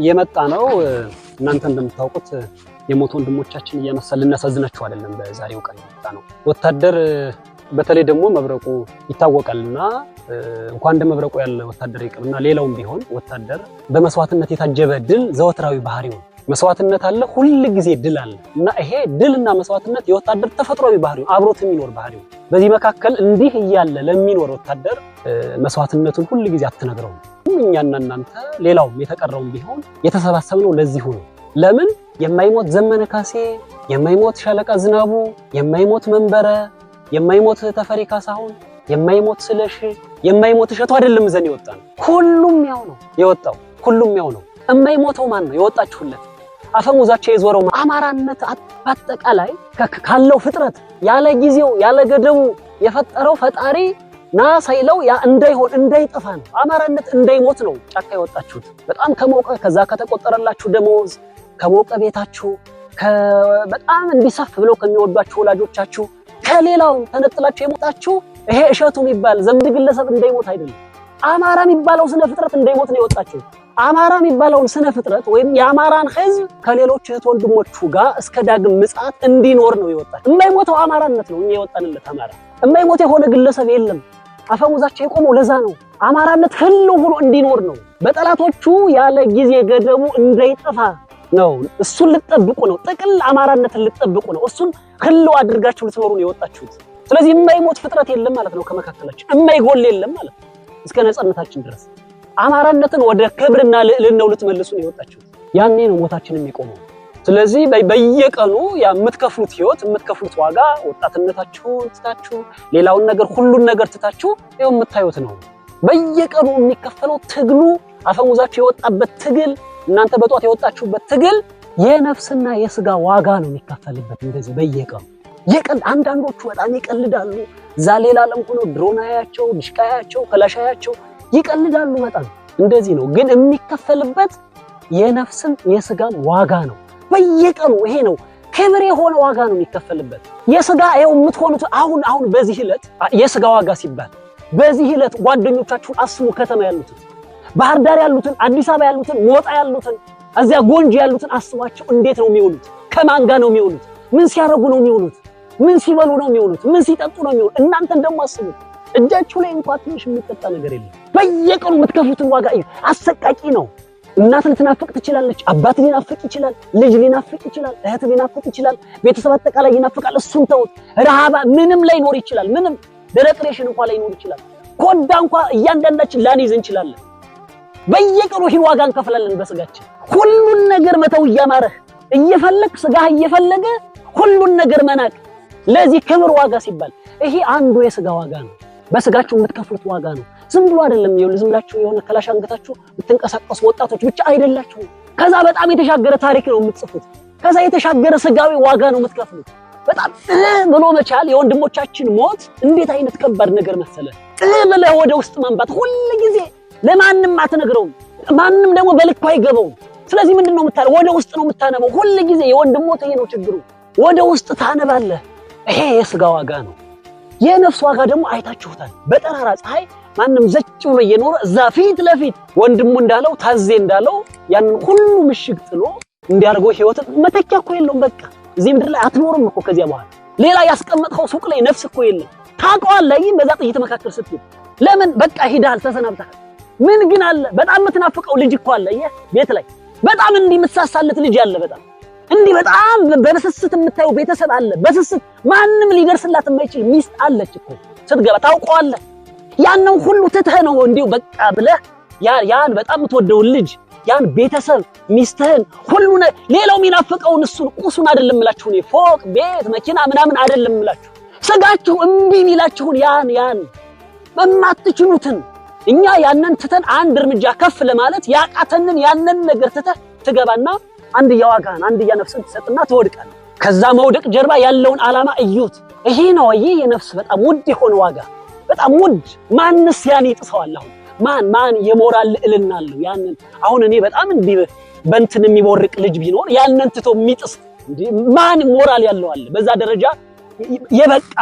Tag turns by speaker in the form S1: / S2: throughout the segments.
S1: እየመጣ ነው። እናንተ እንደምታውቁት የሞት ወንድሞቻችን እያነሳ ልናሳዝናችሁ አይደለም። በዛሬው ቀን የመጣ ነው። ወታደር በተለይ ደግሞ መብረቁ ይታወቃልና እንኳን እንደ መብረቁ ያለ ወታደር ይቅርና ሌላውም ቢሆን ወታደር በመስዋዕትነት የታጀበ ድል ዘወትራዊ ባህሪው መስዋዕትነት አለ፣ ሁል ጊዜ ድል አለ እና ይሄ ድልና መስዋዕትነት የወታደር ተፈጥሯዊ ባህሪው አብሮት የሚኖር ባህሪው በዚህ መካከል እንዲህ እያለ ለሚኖር ወታደር መስዋዕትነቱን ሁል ጊዜ አትነግረውም። ሁሉ እኛና እናንተ ሌላውም የተቀረውም ቢሆን የተሰባሰብነው ለዚሁ ነው። ለምን የማይሞት ዘመነ ካሴ፣ የማይሞት ሻለቃ ዝናቡ፣ የማይሞት መንበረ፣ የማይሞት ተፈሪ ካሳሁን፣ የማይሞት ስለሽ፣ የማይሞት እሸቱ አይደለም ዘን የወጣ ነው። ሁሉም ያው ነው የወጣው። ሁሉም ያው ነው። የማይሞተው ማን ነው? የወጣችሁለት አፈሙዛቸው የዞረው አማራነት በአጠቃላይ ካለው ፍጥረት ያለ ጊዜው ያለ ገደቡ የፈጠረው ፈጣሪ ና ሳይለው ያ እንዳይሆን እንዳይጠፋ ነው። አማራነት እንዳይሞት ነው ጫካ የወጣችሁት። በጣም ከሞቀ ከዛ ከተቆጠረላችሁ ደሞዝ ከሞቀ ቤታችሁ በጣም እንዲሰፍ ብለው ከሚወዷችሁ ወላጆቻችሁ ከሌላው ተነጥላችሁ የሞጣችሁ ይሄ እሸቱ የሚባል ዘንድ ግለሰብ እንዳይሞት አይደለም። አማራ የሚባለው ስነ ፍጥረት እንዳይሞት ነው የወጣችሁ። አማራ የሚባለውን ስነ ፍጥረት ወይም የአማራን ህዝብ ከሌሎች እህት ወንድሞቹ ጋር እስከ ዳግም ምጽአት እንዲኖር ነው የወጣ። የማይሞተው አማራነት ነው እኛ የወጣንለት አማራ። የማይሞት የሆነ ግለሰብ የለም። አፈሙዛቸው የቆመው ለዛ ነው። አማራነት ህልው ሆኖ እንዲኖር ነው። በጠላቶቹ ያለ ጊዜ ገደቡ እንዳይጠፋ ነው። እሱን ልጠብቁ ነው። ጥቅል አማራነትን ልትጠብቁ ነው። እሱን ህልው አድርጋችሁ ልትኖሩ ነው የወጣችሁት። ስለዚህ የማይሞት ፍጥረት የለም ማለት ነው ከመካከላችን፣ የማይጎል የለም ማለት ነው እስከ ነፃነታችን ድረስ አማራነትን ወደ ክብርና ልዕልናው ልትመልሱ ነው የወጣችሁት። ያኔ ነው ሞታችን የሚቆመው። ስለዚህ በየቀኑ የምትከፍሉት ህይወት የምትከፍሉት ዋጋ ወጣትነታችሁን ትታችሁ ሌላውን ነገር ሁሉን ነገር ትታችሁ ይኸው የምታዩት ነው። በየቀኑ የሚከፈለው ትግሉ አፈሙዛችሁ የወጣበት ትግል እናንተ በጧት የወጣችሁበት ትግል የነፍስና የስጋ ዋጋ ነው የሚከፈልበት። እንደዚህ በየቀኑ የቀል አንዳንዶቹ በጣም ይቀልዳሉ። እዛ ሌላ ዓለም ሆኖ ድሮን አያቸው፣ ድሽቃ አያቸው፣ አያቸው ይቀልዳሉ። በጣም እንደዚህ ነው። ግን የሚከፈልበት የነፍስም የስጋም ዋጋ ነው። በየቀኑ ይሄ ነው ክብር የሆነ ዋጋ ነው የሚከፈልበት። የስጋ ይኸው የምትሆኑት አሁን አሁን በዚህ ዕለት የስጋ ዋጋ ሲባል በዚህ ዕለት ጓደኞቻችሁን አስቡ። ከተማ ያሉትን፣ ባህር ዳር ያሉትን፣ አዲስ አበባ ያሉትን፣ ሞጣ ያሉትን፣ እዚያ ጎንጅ ያሉትን አስቧቸው። እንዴት ነው የሚውሉት? ከማን ጋር ነው የሚውሉት? ምን ሲያደርጉ ነው የሚውሉት? ምን ሲበሉ ነው የሚውሉት? ምን ሲጠጡ ነው የሚውሉት? እናንተን ደግሞ አስቡት። እጃችሁ ላይ እንኳ ትንሽ የሚጠጣ ነገር የለም። በየቀኑ የምትከፍሉትን ዋጋ አሰቃቂ ነው። እናት ልትናፍቅ ትችላለች። አባት ሊናፍቅ ይችላል። ልጅ ሊናፍቅ ይችላል። እህት ሊናፍቅ ይችላል። ቤተሰብ አጠቃላይ ይናፍቃል። እሱን ተውት። ረሃባ ምንም ላይ ኖር ይችላል። ምንም ደረቅ ሬሽን እንኳ ላይ ኖር ይችላል። ኮዳ እንኳ እያንዳንዳችን ላንይዝ እንችላለን። በየቀኑ ይህን ዋጋ እንከፍላለን በስጋችን። ሁሉን ነገር መተው እያማረህ እየፈለግ ስጋህ እየፈለገ ሁሉን ነገር መናቅ ለዚህ ክብር ዋጋ ሲባል ይሄ አንዱ የስጋ ዋጋ ነው። በስጋችሁ የምትከፍሉት ዋጋ ነው። ዝም ብሎ አይደለም። ይኸውልህ ዝም ብላችሁ የሆነ ከላሽ አንገታችሁ የምትንቀሳቀሱ ወጣቶች ብቻ አይደላችሁ። ከዛ በጣም የተሻገረ ታሪክ ነው የምትጽፉት። ከዛ የተሻገረ ስጋዊ ዋጋ ነው የምትከፍሉት። በጣም ጥህ ብሎ መቻል የወንድሞቻችን ሞት እንዴት አይነት ከባድ ነገር መሰለ። ጥህ ብለህ ወደ ውስጥ መንባት ሁል ጊዜ ለማንም አትነግረውም። ማንም ደግሞ በልኩ አይገባውም። ስለዚህ ምንድን ነው የምታነበው? ወደ ውስጥ ነው የምታነበው። ሁል ጊዜ የወንድሞ ሞት ይሄ ነው ችግሩ። ወደ ውስጥ ታነባለህ። ይሄ የስጋ ዋጋ ነው። የነፍስ ዋጋ ደግሞ አይታችሁታል። በጠራራ ፀሐይ ማንም ዘጭ ብሎ እየኖረ እዛ ፊት ለፊት ወንድሙ እንዳለው ታዜ እንዳለው ያንን ሁሉ ምሽግ ጥሎ እንዲያደርገው ህይወትን መተኪያ እኮ የለውም። በቃ እዚህ ምድር ላይ አትኖርም እኮ ከዚያ በኋላ ሌላ ያስቀመጥኸው ሱቅ ላይ ነፍስ እኮ የለም። ታውቀዋለህ። ይህም በዛ ጥይት መካከል ስትሄድ ለምን በቃ ሂዳል፣ ተሰናብተሃል። ምን ግን አለ በጣም የምትናፍቀው ልጅ እኮ አለ ቤት ላይ በጣም እንዲህ የምትሳሳለት ልጅ አለ። በጣም እንዲህ በጣም በስስት የምታየው ቤተሰብ አለ። በስስት ማንም ሊደርስላት የማይችል ሚስት አለች እኮ ስትገባ ታውቀዋለህ። ያንን ሁሉ ትተህ ነው እንዲሁ በቃ ብለህ ያን በጣም የምትወደውን ልጅ ያን ቤተሰብ ሚስትህን ሁሉ ሌላው የሚናፍቀውን እሱን ቁሱን አይደለም እላችሁ እኔ ፎቅ ቤት መኪና ምናምን አይደለም እላችሁ ስጋችሁ እምቢ የሚላችሁን ያን ያን የማትችሉትን እኛ ያንን ትተን አንድ እርምጃ ከፍ ለማለት ያቃተንን ያንን ነገር ትተህ ትገባና አንድያ ዋጋህን አንድያ ነፍስን ትሰጥና ትወድቃለህ። ከዛ መውደቅ ጀርባ ያለውን ዓላማ እዩት። ይሄ ነው ይህ የነፍስ በጣም ውድ የሆነ ዋጋ በጣም ውድ ማንስ ያን ይጥሰዋል? አሁን ማን ማን የሞራል ልዕልና አለው? ያንን አሁን እኔ በጣም እንዲ በንትን የሚቦርቅ ልጅ ቢኖር ያንን ትቶ የሚጥስ ማን ሞራል ያለው አለ? በዛ ደረጃ የበቃ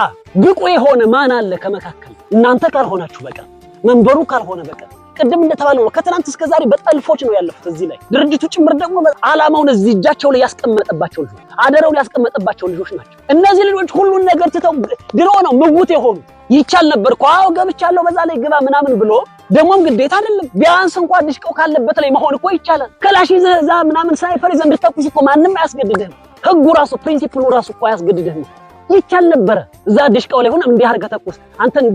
S1: ብቁ የሆነ ማን አለ ከመካከል እናንተ ካልሆናችሁ በቀር መንበሩ ካልሆነ በቀር ቅድም እንደተባለ ነው። ከትናንት እስከ ዛሬ በጠልፎች ነው ያለፉት። እዚህ ላይ ድርጅቱ ጭምር ደግሞ አላማውን እዚህ እጃቸው ላይ ያስቀመጠባቸው ልጆች፣ አደረውን ያስቀመጠባቸው ልጆች ናቸው። እነዚህ ልጆች ሁሉን ነገር ትተው ድሮ ነው ምውት የሆኑ ይቻል ነበር እኮ አዎ ገብቻለሁ፣ በዛ ላይ ግባ ምናምን ብሎ ደግሞም ግዴታ አይደለም። ቢያንስ እንኳን ድሽቀው ካለበት ላይ መሆን እኮ ይቻላል። ከላሽ ይዘህ እዛ ምናምን ሳይፈር ይዘህ እንድትተኩስ እኮ ማንም አያስገድድህም። ህጉ ራሱ ፕሪንሲፕሉ ራሱ እኮ አያስገድድህም። ይቻል ነበረ። እዛ ድሽቃው ላይ ሆነ እንዲህ አድርገህ ተኩስ፣ አንተን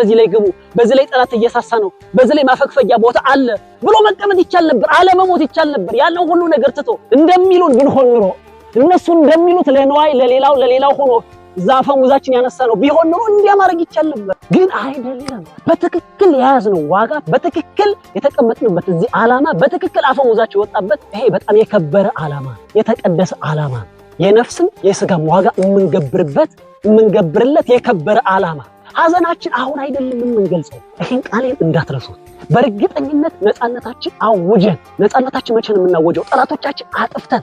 S1: በዚህ ላይ ግቡ፣ በዚህ ላይ ጠላት እየሳሳ ነው፣ በዚህ ላይ ማፈግፈጊያ ቦታ አለ ብሎ መቀመጥ ይቻል ነበር። አለመሞት ይቻል ነበር። ያለው ሁሉ ነገር ትቶ እንደሚሉን ብንሆን ኑሮ እነሱ እንደሚሉት ለነዋይ ለሌላው ለሌላው ሆኖ ዛፈ ሙዛችን ያነሳ ነው ቢሆን ኖሮ እንዲያ ማድረግ ይቻል ነበር። ግን አይደለም። በትክክል የያዝነው ዋጋ፣ በትክክል የተቀመጥንበት እዚህ ዓላማ፣ በትክክል ሙዛችን የወጣበት ይሄ በጣም የከበረ ዓላማ፣ የተቀደሰ ዓላማ የነፍስም የስጋም ዋጋ የምንገብርበት የምንገብርለት የከበረ ዓላማ ሐዘናችን አሁን አይደለም የምንገልጸው። ይህን ቃሌን እንዳትረሱት። በእርግጠኝነት ነፃነታችን አውጀን ነፃነታችን መቼ ነው የምናወጀው? ጠላቶቻችን አጥፍተን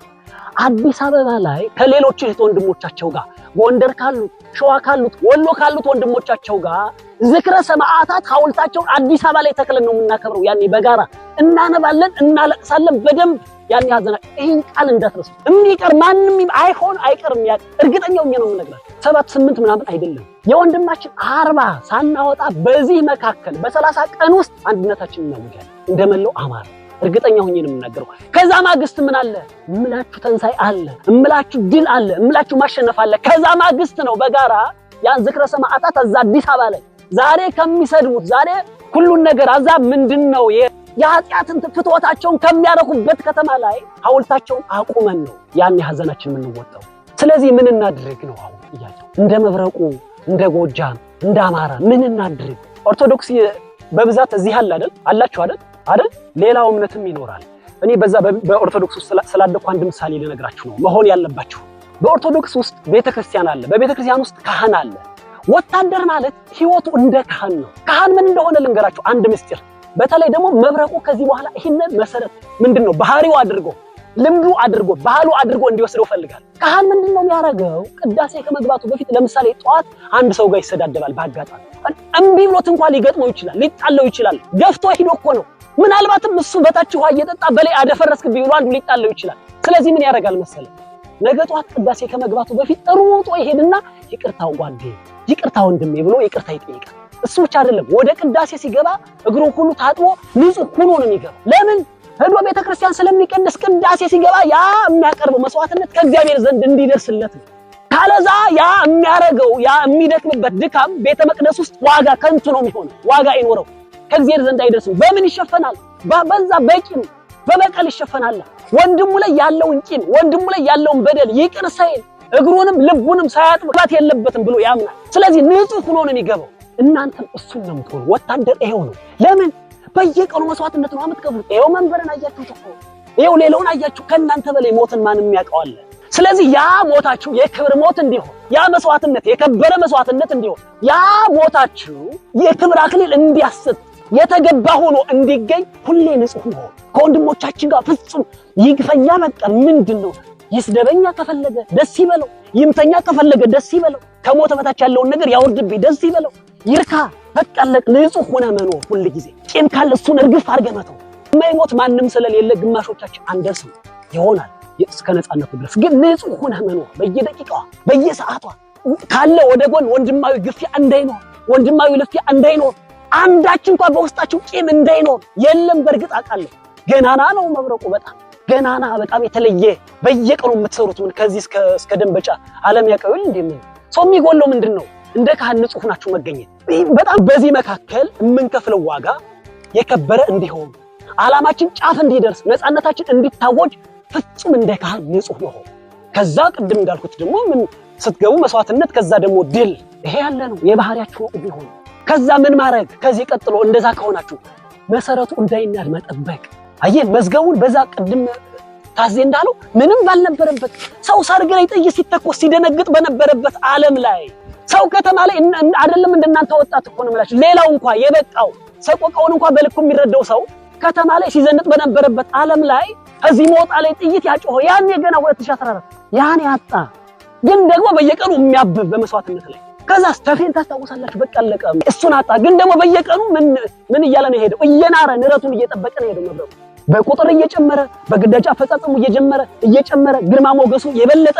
S1: አዲስ አበባ ላይ ከሌሎች እህት ወንድሞቻቸው ጋር ጎንደር ካሉት፣ ሸዋ ካሉት፣ ወሎ ካሉት ወንድሞቻቸው ጋር ዝክረ ሰማዕታት ሐውልታቸውን አዲስ አበባ ላይ ተክለን ነው የምናከብረው። ያኔ በጋራ እናነባለን፣ እናለቅሳለን በደንብ ያኔ ሀዘና። ይህን ቃል እንዳትረሱ። የሚቀር ማንም አይሆን አይቀርም። ያ እርግጠኛው ነው የምነግራችሁ። ሰባት ስምንት ምናምን አይደለም የወንድማችን አርባ ሳናወጣ በዚህ መካከል በሰላሳ ቀን ውስጥ አንድነታችን እናውጃለን እንደመለው አማራ እርግጠኛ ሁኜ ነው የምናገረው። ከዛ ማግስት ምን አለ እምላችሁ ተንሳይ አለ እምላችሁ ድል አለ እምላችሁ ማሸነፍ አለ። ከዛ ማግስት ነው በጋራ ያን ዝክረ ሰማዕታት እዛ አዲስ አበባ ላይ ዛሬ ከሚሰድቡት ዛሬ ሁሉን ነገር አዛ ምንድን ነው የኃጢአትን ፍትወታቸውን ከሚያረኩበት ከተማ ላይ ሐውልታቸውን አቁመን ነው ያን ሐዘናችን የምንወጣው። ስለዚህ ምን እናድርግ ነው አሁን ጥያቄው። እንደ መብረቁ፣ እንደ ጎጃም፣ እንደ አማራ ምን እናድርግ? ኦርቶዶክስ በብዛት እዚህ አለ አይደል? አላችሁ አይደል? አይደል? ሌላው እምነትም ይኖራል። እኔ በዛ በኦርቶዶክስ ውስጥ ስላደኩ አንድ ምሳሌ ልነግራችሁ ነው መሆን ያለባችሁ። በኦርቶዶክስ ውስጥ ቤተክርስቲያን አለ። በቤተክርስቲያን ውስጥ ካህን አለ። ወታደር ማለት ህይወቱ እንደ ካህን ነው። ካህን ምን እንደሆነ ልንገራችሁ አንድ ምስጢር። በተለይ ደግሞ መብረቁ ከዚህ በኋላ ይህን መሰረት ምንድን ነው ባህሪው አድርጎ ልምዱ አድርጎ ባህሉ አድርጎ እንዲወስደው ፈልጋል። ካህን ምንድን ነው የሚያደርገው? ቅዳሴ ከመግባቱ በፊት ለምሳሌ ጠዋት አንድ ሰው ጋር ይሰዳደባል። በአጋጣሚ እምቢ ብሎት እንኳን ሊገጥመው ይችላል፣ ሊጣለው ይችላል። ገፍቶ ሂዶ እኮ ነው። ምናልባትም እሱ በታች ውሃ እየጠጣ በላይ አደፈረስክ ቢሉ አንዱ ሊጣለው ይችላል። ስለዚህ ምን ያደርጋል መሰለ ነገ ጠዋት ቅዳሴ ከመግባቱ በፊት ሩጦ ይሄድና ይቅርታው ጓዴ ይቅርታ ወንድሜ ብሎ ይቅርታ ይጠይቃል። እሱ ብቻ አይደለም፣ ወደ ቅዳሴ ሲገባ እግሩን ሁሉ ታጥቦ ንጹህ ሆኖ ነው የሚገባ። ለምን ህዶ ቤተ ክርስቲያን ስለሚቀደስ ቅዳሴ ሲገባ ያ የሚያቀርበው መስዋዕትነት ከእግዚአብሔር ዘንድ እንዲደርስለት ነው። ካለዛ ያ የሚያረገው ያ የሚደክምበት ድካም ቤተ መቅደስ ውስጥ ዋጋ ከንቱ ነው የሚሆነ፣ ዋጋ አይኖረው፣ ከእግዚአብሔር ዘንድ አይደርስም። በምን ይሸፈናል? በዛ በቂም በበቀል ይሸፈናል። ወንድሙ ላይ ያለውን ቂም፣ ወንድሙ ላይ ያለውን በደል ይቅር ሳይል እግሩንም ልቡንም ሳያጥብ መግባት የለበትም ብሎ ያምናል። ስለዚህ ንጹህ ሆኖ ነው የሚገባው። እናንተም እሱን ነው የምትሆኑ። ወታደር ይሄው ነው። ለምን በየቀኑ መስዋዕትነት ነው የምትከፍሉት? ይሄው መንበረን አያችሁ ተቆ ይሄው ሌላውን አያችሁ። ከእናንተ በላይ ሞትን ማንም ያውቀዋል። ስለዚህ ያ ሞታችሁ የክብር ሞት እንዲሆን፣ ያ መስዋዕትነት የከበረ መስዋዕትነት እንዲሆን፣ ያ ሞታችሁ የክብር አክሊል እንዲያስጥ የተገባ ሆኖ እንዲገኝ ሁሌ ንጹህ ነው ከወንድሞቻችን ጋር ፍጹም ይግፈኛ በቀር ምንድን ነው ይስደበኛ ከፈለገ ደስ ይበለው፣ ይምተኛ ከፈለገ ደስ ይበለው፣ ከሞተ በታች ያለውን ነገር ያውርድብኝ ደስ ይበለው፣ ይርካ ተቀለቅ። ንጹህ ሆነ መኖር ሁል ጊዜ ቂም ካለ እሱን እርግፍ አድርገህ መተው። የማይሞት ማንም ስለሌለ ግማሾቻችን አንደርስም ይሆናል እስከ ነፃነቱ ድረስ ግን ንጹህ ሆነ መኖር በየደቂቃዋ በየሰዓቷ ካለ ወደ ጎን ወንድማዊ ግፊያ እንዳይኖር ወንድማዊ ልፊያ እንዳይኖር አንዳችን እንኳን በውስጣችሁ ቂም እንዳይኖር የለም። በእርግጥ አውቃለሁ ገናና ነው መብረቁ በጣም ገናና በጣም የተለየ በየቀኑ የምትሰሩት ምን ከዚህ እስከ ደንበጫ ዓለም ያቀብል እንዴ ምን ሰው የሚጎለው ምንድን ነው? እንደ ካህን ንጹህ ናችሁ መገኘት በጣም በዚህ መካከል የምንከፍለው ዋጋ የከበረ እንዲሆን ዓላማችን ጫፍ እንዲደርስ ነፃነታችን እንዲታወጅ ፍጹም እንደ ካህን ንጹህ መሆን ከዛ ቅድም እንዳልኩት ደግሞ ምን ስትገቡ መስዋዕትነት ከዛ ደግሞ ድል ይሄ ያለ ነው የባህሪያችሁ ቢሆን ከዛ ምን ማድረግ ከዚህ ቀጥሎ እንደዛ ከሆናችሁ መሰረቱ እንዳይናድ መጠበቅ አየ መዝገቡን በዛ ቅድም ታዜ እንዳለው ምንም ባልነበረበት ሰው ሰርግ ላይ ጥይት ሲተኮስ ሲደነግጥ በነበረበት ዓለም ላይ ሰው ከተማ ላይ አይደለም እንደናንተ ወጣት እኮ ነው የምላችሁ። ሌላው እንኳ የበቃው ሰቆቃውን እንኳ በልኩ የሚረዳው ሰው ከተማ ላይ ሲዘንጥ በነበረበት ዓለም ላይ እዚህ ሞጣ ላይ ጥይት ያጮኸው ያን የገና 2014 ያን ያጣ ግን ደግሞ በየቀኑ የሚያብብ በመስዋዕትነት ላይ ከዛ ተፌን ታስታውሳላችሁ። በቃ አለቀ። እሱን አጣ ግን ደግሞ በየቀኑ ምን ምን እያለ ነው የሄደው? እየናረ ንረቱን እየጠበቀ ነው የሄደው መብረቁ በቁጥር እየጨመረ በግዳጅ አፈጻጸሙ እየጀመረ እየጨመረ ግርማ ሞገሱ የበለጠ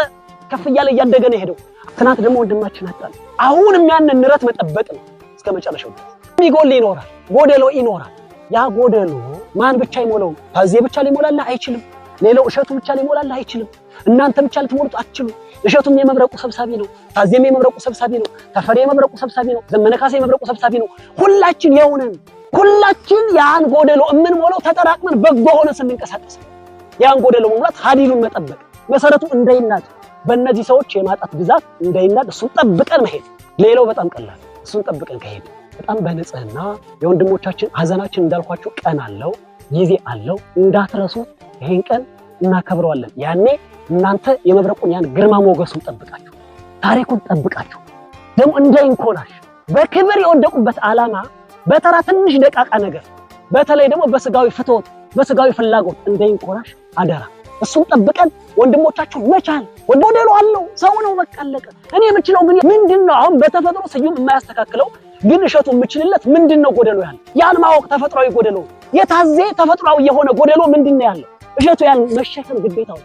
S1: ከፍ እያለ እያደገ ነው ሄደው። ትናንት ደግሞ ወንድማችን አጣን። አሁንም ያንን ንረት መጠበቅ ነው እስከ መጨረሻው። የሚጎል ይኖራል፣ ጎደሎ ይኖራል። ያ ጎደሎ ማን ብቻ ይሞላው? ታዜ ብቻ ሊሞላልህ አይችልም። ሌላው እሸቱ ብቻ ሊሞላልህ አይችልም። እናንተ ብቻ ልትሞሉት አትችሉ እሸቱም የመብረቁ ሰብሳቢ ነው። ታዜም የመብረቁ ሰብሳቢ ነው። ተፈሪ የመብረቁ ሰብሳቢ ነው። ዘመነ ካሴ የመብረቁ ሰብሳቢ ነው። ሁላችን የሆነን ሁላችን ያን ጎደሎ የምንሞላው ተጠራቅመን በጎ ሆነ ስንንቀሳቀስ፣ ያን ጎደሎ መሙላት ሀዲዱን መጠበቅ መሰረቱ እንዳይናድ፣ በእነዚህ ሰዎች የማጣት ብዛት እንዳይናድ፣ እሱን ጠብቀን መሄድ። ሌላው በጣም ቀላል፣ እሱን ጠብቀን ከሄድ በጣም በንጽህና የወንድሞቻችን ሀዘናችን እንዳልኳችሁ ቀን አለው ጊዜ አለው። እንዳትረሱ ይህን ቀን እናከብረዋለን። ያኔ እናንተ የመብረቁን ያን ግርማ ሞገሱን ጠብቃችሁ ታሪኩን ጠብቃችሁ ደግሞ እንዳይንኮናሽ በክብር የወደቁበት ዓላማ በተራ ትንሽ ደቃቃ ነገር፣ በተለይ ደግሞ በስጋዊ ፍትወት፣ በስጋዊ ፍላጎት እንዳይንኮራሽ አደራ። እሱም ጠብቀን ወንድሞቻችሁ መቻል ሞዴሉ አለው ሰው ነው። መቃለቀ አለቀ። እኔ የምችለው ግን ምንድን ነው? አሁን በተፈጥሮ ስዩም የማያስተካክለው ግን እሸቱ የምችልለት ምንድን ነው ጎደሎ? ያለ ያን ማወቅ ተፈጥሯዊ ጎደሎ፣ የታዜ ተፈጥሯዊ የሆነ ጎደሎ ምንድን ነው ያለው? እሸቱ ያን መሸከም ግዴታው።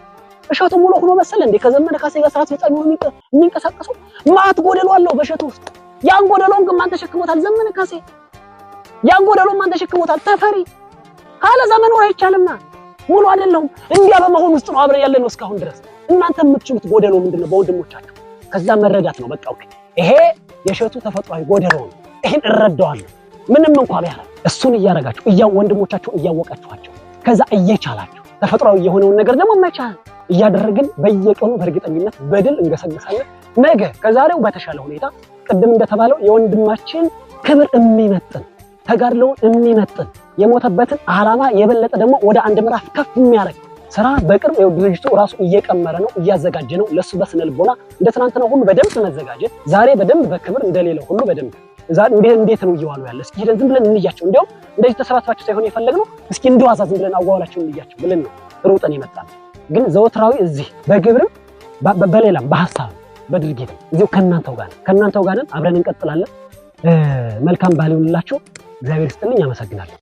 S1: እሸቱ ሙሉ ሆኖ መሰለ እንዴ ከዘመነ ካሴ ጋር ስርዓት ፈጻሚ ሆኖ የሚንቀሳቀሰው ማት ጎደሎ አለው በእሸቱ ውስጥ። ያን ጎደሎን ግን ማን ተሸክሞታል? ዘመነ ካሴ ያጎደሉ ማን ሸክሞታል ተፈሪ ካለዛ መኖር አይቻልምና ሙሉ አይደለሁም። እንዲያ በመሆን ውስጥ ነው አብረን ያለ ነው እስካሁን ድረስ። እናንተ የምትችሉት ጎደሎ ምንድነው? በወንድሞቻችሁ ከዛ መረዳት ነው። በቃ ይሄ የእሸቱ ተፈጥሯዊ ጎደሎ ነው። ይሄን እረዳዋለሁ ምንም እንኳ ቢያላ እሱን እያረጋችሁ እያ ወንድሞቻችሁን እያወቃችኋቸው ከዛ እየቻላችሁ ተፈጥሯዊ የሆነውን ነገር ደግሞ መቻል እያደረግን በየቀኑ በእርግጠኝነት በድል እንገሰግሳለን። ነገ ከዛሬው በተሻለ ሁኔታ ቅድም እንደተባለው የወንድማችን ክብር የሚመጥን ተጋድለውን የሚመጥን የሞተበትን ዓላማ የበለጠ ደግሞ ወደ አንድ ምዕራፍ ከፍ የሚያደርግ ስራ በቅርብ ድርጅቱ ራሱ እየቀመረ ነው፣ እያዘጋጀ ነው። ለሱ በስነ ልቦና እንደ ትናንት ነው ሁሉ በደንብ መዘጋጀት፣ ዛሬ በደንብ በክብር እንደሌለው ሁሉ በደንብ እንዴት ነው እየዋሉ ያለ እስኪ ሄደን ዝም ብለን እንያቸው። እንዲያውም እንደዚህ ተሰባስባቸው ሳይሆን የፈለግነው እስኪ እንደዋዛ ዝም ብለን አዋዋላቸው እንያቸው ብለን ነው ሮጠን ይመጣል። ግን ዘወትራዊ እዚህ በግብርም በሌላም በሀሳብ በድርጊት እዚሁ ከእናንተው ጋር ከእናንተው ጋር አብረን እንቀጥላለን። መልካም ባል ይሁንላችሁ። እግዚአብሔር ይስጥልኝ። አመሰግናለሁ።